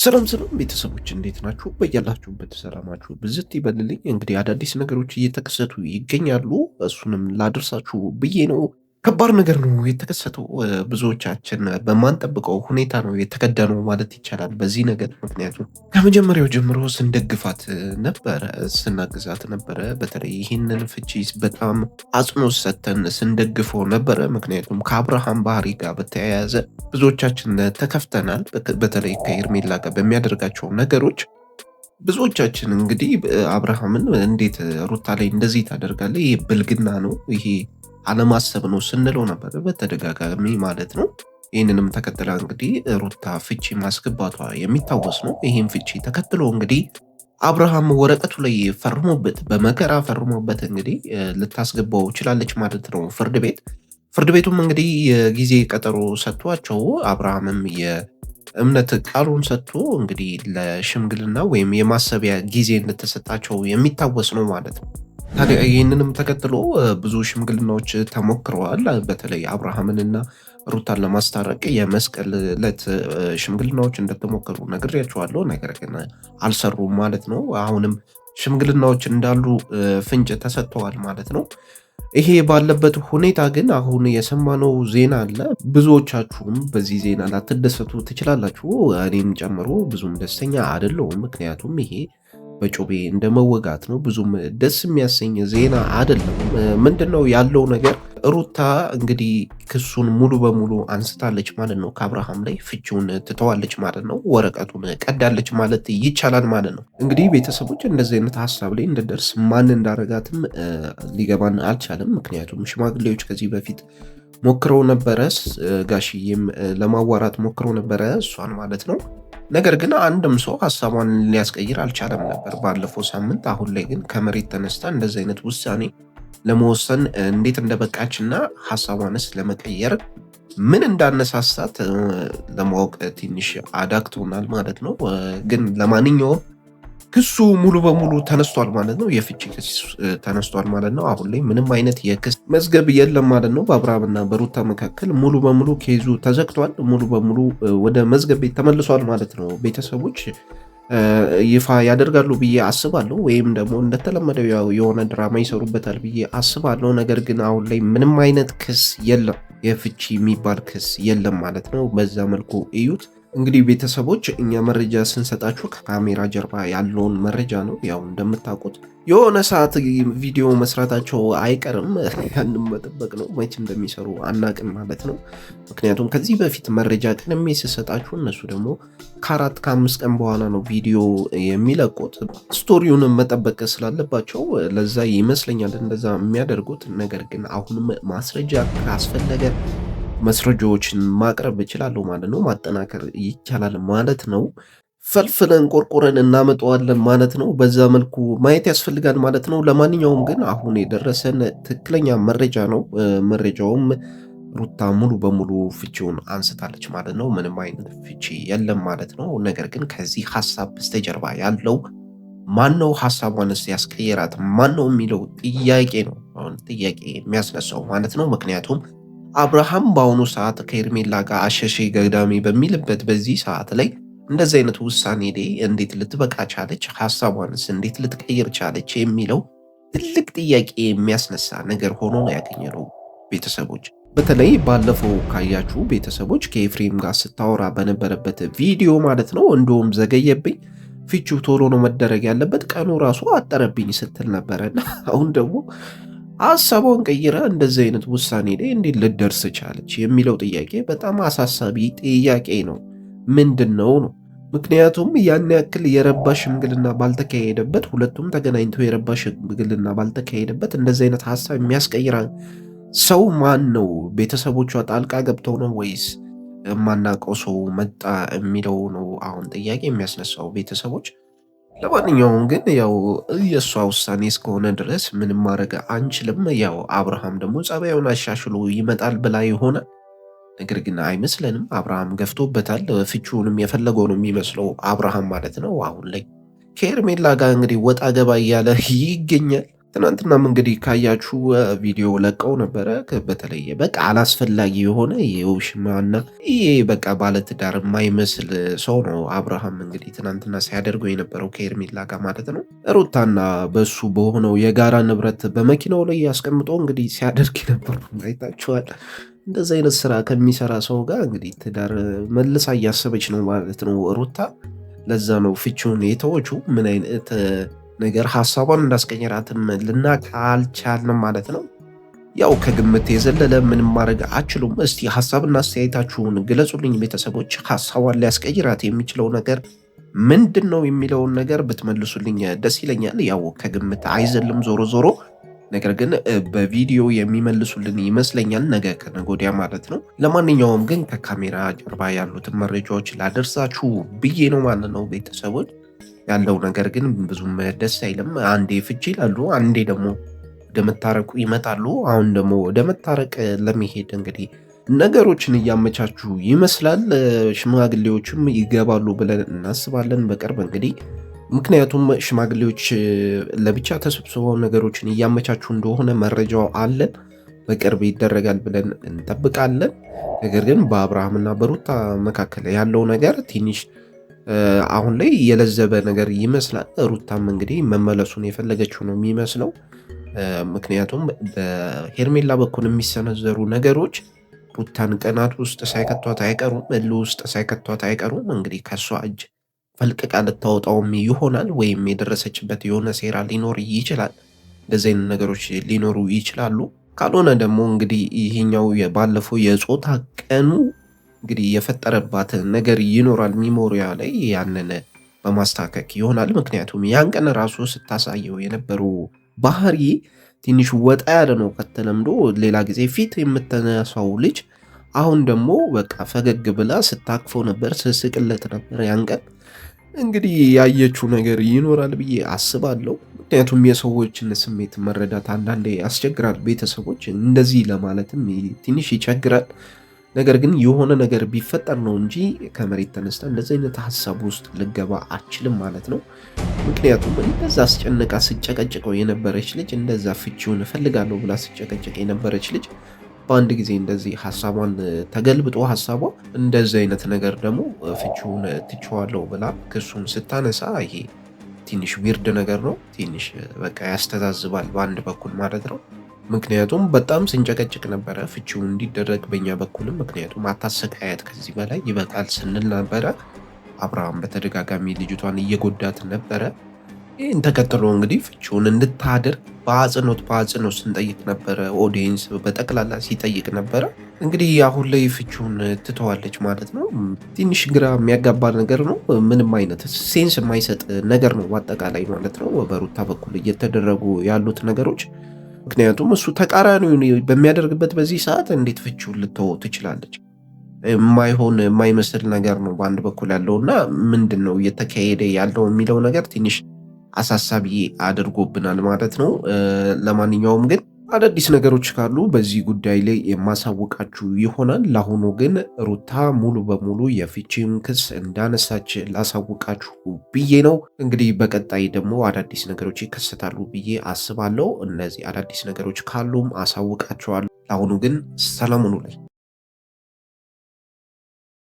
ሰላም ሰላም ቤተሰቦች እንዴት ናችሁ? በያላችሁበት ሰላማችሁ ብዝት ይበልልኝ። እንግዲህ አዳዲስ ነገሮች እየተከሰቱ ይገኛሉ። እሱንም ላደርሳችሁ ብዬ ነው ከባድ ነገር ነው የተከሰተው። ብዙዎቻችን በማንጠብቀው ሁኔታ ነው የተከዳ ነው ማለት ይቻላል በዚህ ነገር። ምክንያቱም ከመጀመሪያው ጀምሮ ስንደግፋት ነበረ፣ ስናግዛት ነበረ። በተለይ ይህንን ፍቺ በጣም አጽንኦት ሰጥተን ስንደግፈው ነበረ። ምክንያቱም ከአብርሃም ባህሪ ጋር በተያያዘ ብዙዎቻችን ተከፍተናል። በተለይ ከኤርሜላ ጋር በሚያደርጋቸው ነገሮች ብዙዎቻችን እንግዲህ አብርሃምን እንዴት ሩታ ላይ እንደዚህ ታደርጋለህ? ይህ ብልግና ነው ይሄ አለማሰብ ነው ስንለው ነበር በተደጋጋሚ ማለት ነው። ይህንንም ተከትላ እንግዲህ ሩታ ፍቺ ማስገባቷ የሚታወስ ነው። ይህም ፍቺ ተከትሎ እንግዲህ አብርሃም ወረቀቱ ላይ ፈርሞበት በመከራ ፈርሞበት እንግዲህ ልታስገባው ችላለች ማለት ነው ፍርድ ቤት። ፍርድ ቤቱም እንግዲህ የጊዜ ቀጠሮ ሰጥቷቸው አብርሃምም የእምነት ቃሉን ሰጥቶ እንግዲህ ለሽምግልና ወይም የማሰቢያ ጊዜ እንደተሰጣቸው የሚታወስ ነው ማለት ነው። ታዲያ ይህንንም ተከትሎ ብዙ ሽምግልናዎች ተሞክረዋል። በተለይ አብርሃምንና ሩታን ለማስታረቅ የመስቀል ዕለት ሽምግልናዎች እንደተሞከሩ ነግሬያቸዋለሁ። ነገር ግን አልሰሩም ማለት ነው። አሁንም ሽምግልናዎች እንዳሉ ፍንጭ ተሰጥተዋል ማለት ነው። ይሄ ባለበት ሁኔታ ግን አሁን የሰማነው ዜና አለ። ብዙዎቻችሁም በዚህ ዜና ላትደሰቱ ትችላላችሁ። እኔም ጨምሮ ብዙም ደስተኛ አይደለሁም። ምክንያቱም ይሄ በጩቤ እንደመወጋት ነው። ብዙም ደስ የሚያሰኝ ዜና አይደለም። ምንድነው ያለው ነገር? ሩታ እንግዲህ ክሱን ሙሉ በሙሉ አንስታለች ማለት ነው። ከአብርሃም ላይ ፍቺውን ትተዋለች ማለት ነው። ወረቀቱን ቀዳለች ማለት ይቻላል ማለት ነው። እንግዲህ ቤተሰቦች እንደዚህ አይነት ሀሳብ ላይ እንደደርስ ማን እንዳረጋትም ሊገባን አልቻለም። ምክንያቱም ሽማግሌዎች ከዚህ በፊት ሞክረው ነበረ። ጋሽዬም ለማዋራት ሞክረው ነበረ እሷን ማለት ነው። ነገር ግን አንድም ሰው ሀሳቧን ሊያስቀይር አልቻለም ነበር ባለፈው ሳምንት። አሁን ላይ ግን ከመሬት ተነስታ እንደዚህ አይነት ውሳኔ ለመወሰን እንዴት እንደበቃች እና ሀሳቧንስ ለመቀየር ምን እንዳነሳሳት ለማወቅ ትንሽ አዳግቶናል ማለት ነው። ግን ለማንኛውም ክሱ ሙሉ በሙሉ ተነስቷል ማለት ነው። የፍቺ ክስ ተነስቷል ማለት ነው። አሁን ላይ ምንም አይነት የክስ መዝገብ የለም ማለት ነው። በአብርሃምና በሩታ መካከል ሙሉ በሙሉ ኬዙ ተዘግቷል። ሙሉ በሙሉ ወደ መዝገብ ቤት ተመልሷል ማለት ነው። ቤተሰቦች ይፋ ያደርጋሉ ብዬ አስባለሁ። ወይም ደግሞ እንደተለመደው የሆነ ድራማ ይሰሩበታል ብዬ አስባለሁ። ነገር ግን አሁን ላይ ምንም አይነት ክስ የለም፣ የፍቺ የሚባል ክስ የለም ማለት ነው። በዛ መልኩ እዩት። እንግዲህ ቤተሰቦች እኛ መረጃ ስንሰጣችሁ ከካሜራ ጀርባ ያለውን መረጃ ነው። ያው እንደምታውቁት የሆነ ሰዓት ቪዲዮ መስራታቸው አይቀርም። ያንም መጠበቅ ነው። መቼ እንደሚሰሩ አናቅም ማለት ነው። ምክንያቱም ከዚህ በፊት መረጃ ቅድሜ ስሰጣችሁ እነሱ ደግሞ ከአራት ከአምስት ቀን በኋላ ነው ቪዲዮ የሚለቁት። ስቶሪውንም መጠበቅ ስላለባቸው ለዛ ይመስለኛል እንደዛ የሚያደርጉት። ነገር ግን አሁንም ማስረጃ ካስፈለገ መስረጃዎችን ማቅረብ እችላለሁ ማለት ነው። ማጠናከር ይቻላል ማለት ነው። ፈልፍለን ቆርቆረን እናመጣዋለን ማለት ነው። በዛ መልኩ ማየት ያስፈልጋል ማለት ነው። ለማንኛውም ግን አሁን የደረሰን ትክክለኛ መረጃ ነው። መረጃውም ሩታ ሙሉ በሙሉ ፍቺውን አንስታለች ማለት ነው። ምንም አይነት ፍቺ የለም ማለት ነው። ነገር ግን ከዚህ ሀሳብ በስተጀርባ ያለው ማነው፣ ሀሳቧንስ ያስቀየራት ማነው የሚለው ጥያቄ ነው አሁን ጥያቄ የሚያስነሳው ማለት ነው። ምክንያቱም አብርሃም በአሁኑ ሰዓት ከኤርሜላ ጋር አሸሼ ገዳሚ በሚልበት በዚህ ሰዓት ላይ እንደዚህ አይነት ውሳኔ ላይ እንዴት ልትበቃ ቻለች? ሀሳቧንስ እንዴት ልትቀይር ቻለች? የሚለው ትልቅ ጥያቄ የሚያስነሳ ነገር ሆኖ ነው ያገኘነው። ቤተሰቦች በተለይ ባለፈው ካያችሁ ቤተሰቦች ከኤፍሬም ጋር ስታወራ በነበረበት ቪዲዮ ማለት ነው። እንደውም ዘገየብኝ፣ ፊቹ ቶሎ ነው መደረግ ያለበት፣ ቀኑ ራሱ አጠረብኝ ስትል ነበረና አሁን ደግሞ ሀሳቧን ቀይራ እንደዚህ አይነት ውሳኔ ላይ እንዴት ልደርስ ቻለች የሚለው ጥያቄ በጣም አሳሳቢ ጥያቄ ነው። ምንድን ነው ነው ምክንያቱም ያን ያክል የረባ ሽምግልና ባልተካሄደበት ሁለቱም ተገናኝተው የረባ ሽምግልና ባልተካሄደበት እንደዚህ አይነት ሀሳብ የሚያስቀይራ ሰው ማን ነው? ቤተሰቦቿ ጣልቃ ገብተው ነው ወይስ የማናውቀው ሰው መጣ የሚለው ነው አሁን ጥያቄ የሚያስነሳው ቤተሰቦች ለማንኛውም ግን ያው የእሷ ውሳኔ እስከሆነ ድረስ ምንም ማድረግ አንችልም። ያው አብርሃም ደግሞ ጸባዩን አሻሽሎ ይመጣል ብላ ይሆናል። ነገር ግን አይመስለንም። አብርሃም ገፍቶበታል። ፍቺውንም የፈለገው ነው የሚመስለው አብርሃም ማለት ነው። አሁን ላይ ከኤርሜላ ጋር እንግዲህ ወጣ ገባ እያለ ይገኛል። ትናንትናም እንግዲህ ካያችሁ ቪዲዮ ለቀው ነበረ። በተለየ በቃ አላስፈላጊ የሆነ የውሽማና ይሄ በቃ ባለትዳር የማይመስል ሰው ነው አብርሃም እንግዲህ ትናንትና ሲያደርገው የነበረው ከኤርሚላ ጋር ማለት ነው። ሩታና በሱ በሆነው የጋራ ንብረት በመኪናው ላይ ያስቀምጦ እንግዲህ ሲያደርግ ነበር አይታችኋል። እንደዚህ አይነት ስራ ከሚሰራ ሰው ጋር እንግዲህ ትዳር መልሳ እያሰበች ነው ማለት ነው ሩታ። ለዛ ነው ፍቺውን የተወቹ ምን አይነት ነገር ሀሳቧን እንዳስቀኝራትም ልናቅ አልቻልንም ማለት ነው። ያው ከግምት የዘለለ ምንም ማድረግ አችሉም። እስቲ ሀሳብና አስተያየታችሁን ግለጹልኝ ቤተሰቦች። ሀሳቧን ሊያስቀይራት የሚችለው ነገር ምንድን ነው የሚለውን ነገር ብትመልሱልኝ ደስ ይለኛል። ያው ከግምት አይዘልም ዞሮ ዞሮ ነገር ግን በቪዲዮ የሚመልሱልን ይመስለኛል፣ ነገ ከነጎዲያ ማለት ነው። ለማንኛውም ግን ከካሜራ ጀርባ ያሉትን መረጃዎች ላደርሳችሁ ብዬ ነው ማለት ነው ቤተሰቦች። ያለው ነገር ግን ብዙም ደስ አይልም። አንዴ ፍቺ ይላሉ፣ አንዴ ደግሞ ወደመታረቁ ይመጣሉ። አሁን ደግሞ ወደ መታረቅ ለመሄድ እንግዲህ ነገሮችን እያመቻቹ ይመስላል። ሽማግሌዎችም ይገባሉ ብለን እናስባለን በቅርብ እንግዲህ ምክንያቱም ሽማግሌዎች ለብቻ ተሰብስበው ነገሮችን እያመቻቹ እንደሆነ መረጃው አለን። በቅርብ ይደረጋል ብለን እንጠብቃለን። ነገር ግን በአብርሃምና በሩታ መካከል ያለው ነገር ትንሽ አሁን ላይ የለዘበ ነገር ይመስላል። ሩታም እንግዲህ መመለሱን የፈለገችው ነው የሚመስለው። ምክንያቱም በሄርሜላ በኩል የሚሰነዘሩ ነገሮች ሩታን ቀናት ውስጥ ሳይከቷት አይቀሩም፣ እል ውስጥ ሳይከቷት አይቀሩም። እንግዲህ ከእሷ እጅ ፈልቅቃ ልታወጣውም ይሆናል ወይም የደረሰችበት የሆነ ሴራ ሊኖር ይችላል። እንደዚህ አይነት ነገሮች ሊኖሩ ይችላሉ። ካልሆነ ደግሞ እንግዲህ ይህኛው ባለፈው የጾታ ቀኑ እንግዲህ የፈጠረባት ነገር ይኖራል ሚሞሪያ ላይ ያንን በማስታከክ ይሆናል። ምክንያቱም ያን ቀን ራሱ ስታሳየው የነበረው ባህሪ ትንሽ ወጣ ያለ ነው ከተለምዶ። ሌላ ጊዜ ፊት የምትነሳው ልጅ አሁን ደግሞ በቃ ፈገግ ብላ ስታቅፈው ነበር፣ ስስቅለት ነበር። ያን ቀን እንግዲህ ያየችው ነገር ይኖራል ብዬ አስባለሁ። ምክንያቱም የሰዎችን ስሜት መረዳት አንዳንዴ ያስቸግራል። ቤተሰቦች እንደዚህ ለማለትም ትንሽ ይቸግራል። ነገር ግን የሆነ ነገር ቢፈጠር ነው እንጂ ከመሬት ተነስታ እንደዚህ አይነት ሀሳብ ውስጥ ልገባ አችልም ማለት ነው። ምክንያቱም እንደዛ አስጨንቃ ስጨቀጭቀው የነበረች ልጅ እንደዛ ፍቺውን እፈልጋለሁ ብላ ስጨቀጭቀ የነበረች ልጅ በአንድ ጊዜ እንደዚህ ሀሳቧን ተገልብጦ ሀሳቧ እንደዚህ አይነት ነገር ደግሞ ፍቺውን ትችዋለሁ ብላ ክሱን ስታነሳ ይሄ ትንሽ ዊርድ ነገር ነው። ትንሽ በቃ ያስተዛዝባል በአንድ በኩል ማለት ነው። ምክንያቱም በጣም ስንጨቀጭቅ ነበረ ፍቺው እንዲደረግ በእኛ በኩልም፣ ምክንያቱም አታሰቃያት ከዚህ በላይ ይበቃል ስንል ነበረ። አብርሃም በተደጋጋሚ ልጅቷን እየጎዳት ነበረ። ይህን ተከትሎ እንግዲህ ፍቺውን እንድታደርግ በአጽንኦት በአጽንኦት ስንጠይቅ ነበረ። ኦዲየንስ በጠቅላላ ሲጠይቅ ነበረ። እንግዲህ አሁን ላይ ፍቺውን ትተዋለች ማለት ነው። ትንሽ ግራ የሚያጋባ ነገር ነው። ምንም አይነት ሴንስ የማይሰጥ ነገር ነው በአጠቃላይ ማለት ነው። በሩታ በኩል እየተደረጉ ያሉት ነገሮች ምክንያቱም እሱ ተቃራኒውን በሚያደርግበት በዚህ ሰዓት እንዴት ፍቺውን ልትተወው ትችላለች? የማይሆን የማይመስል ነገር ነው በአንድ በኩል ያለው እና ምንድን ነው እየተካሄደ ያለው የሚለው ነገር ትንሽ አሳሳቢ አድርጎብናል ማለት ነው። ለማንኛውም ግን አዳዲስ ነገሮች ካሉ በዚህ ጉዳይ ላይ የማሳወቃችሁ ይሆናል። ለአሁኑ ግን ሩታ ሙሉ በሙሉ የፍቺም ክስ እንዳነሳች ላሳውቃችሁ ብዬ ነው። እንግዲህ በቀጣይ ደግሞ አዳዲስ ነገሮች ይከሰታሉ ብዬ አስባለሁ። እነዚህ አዳዲስ ነገሮች ካሉም አሳውቃችኋለሁ። ለአሁኑ ግን ሰላም ላይ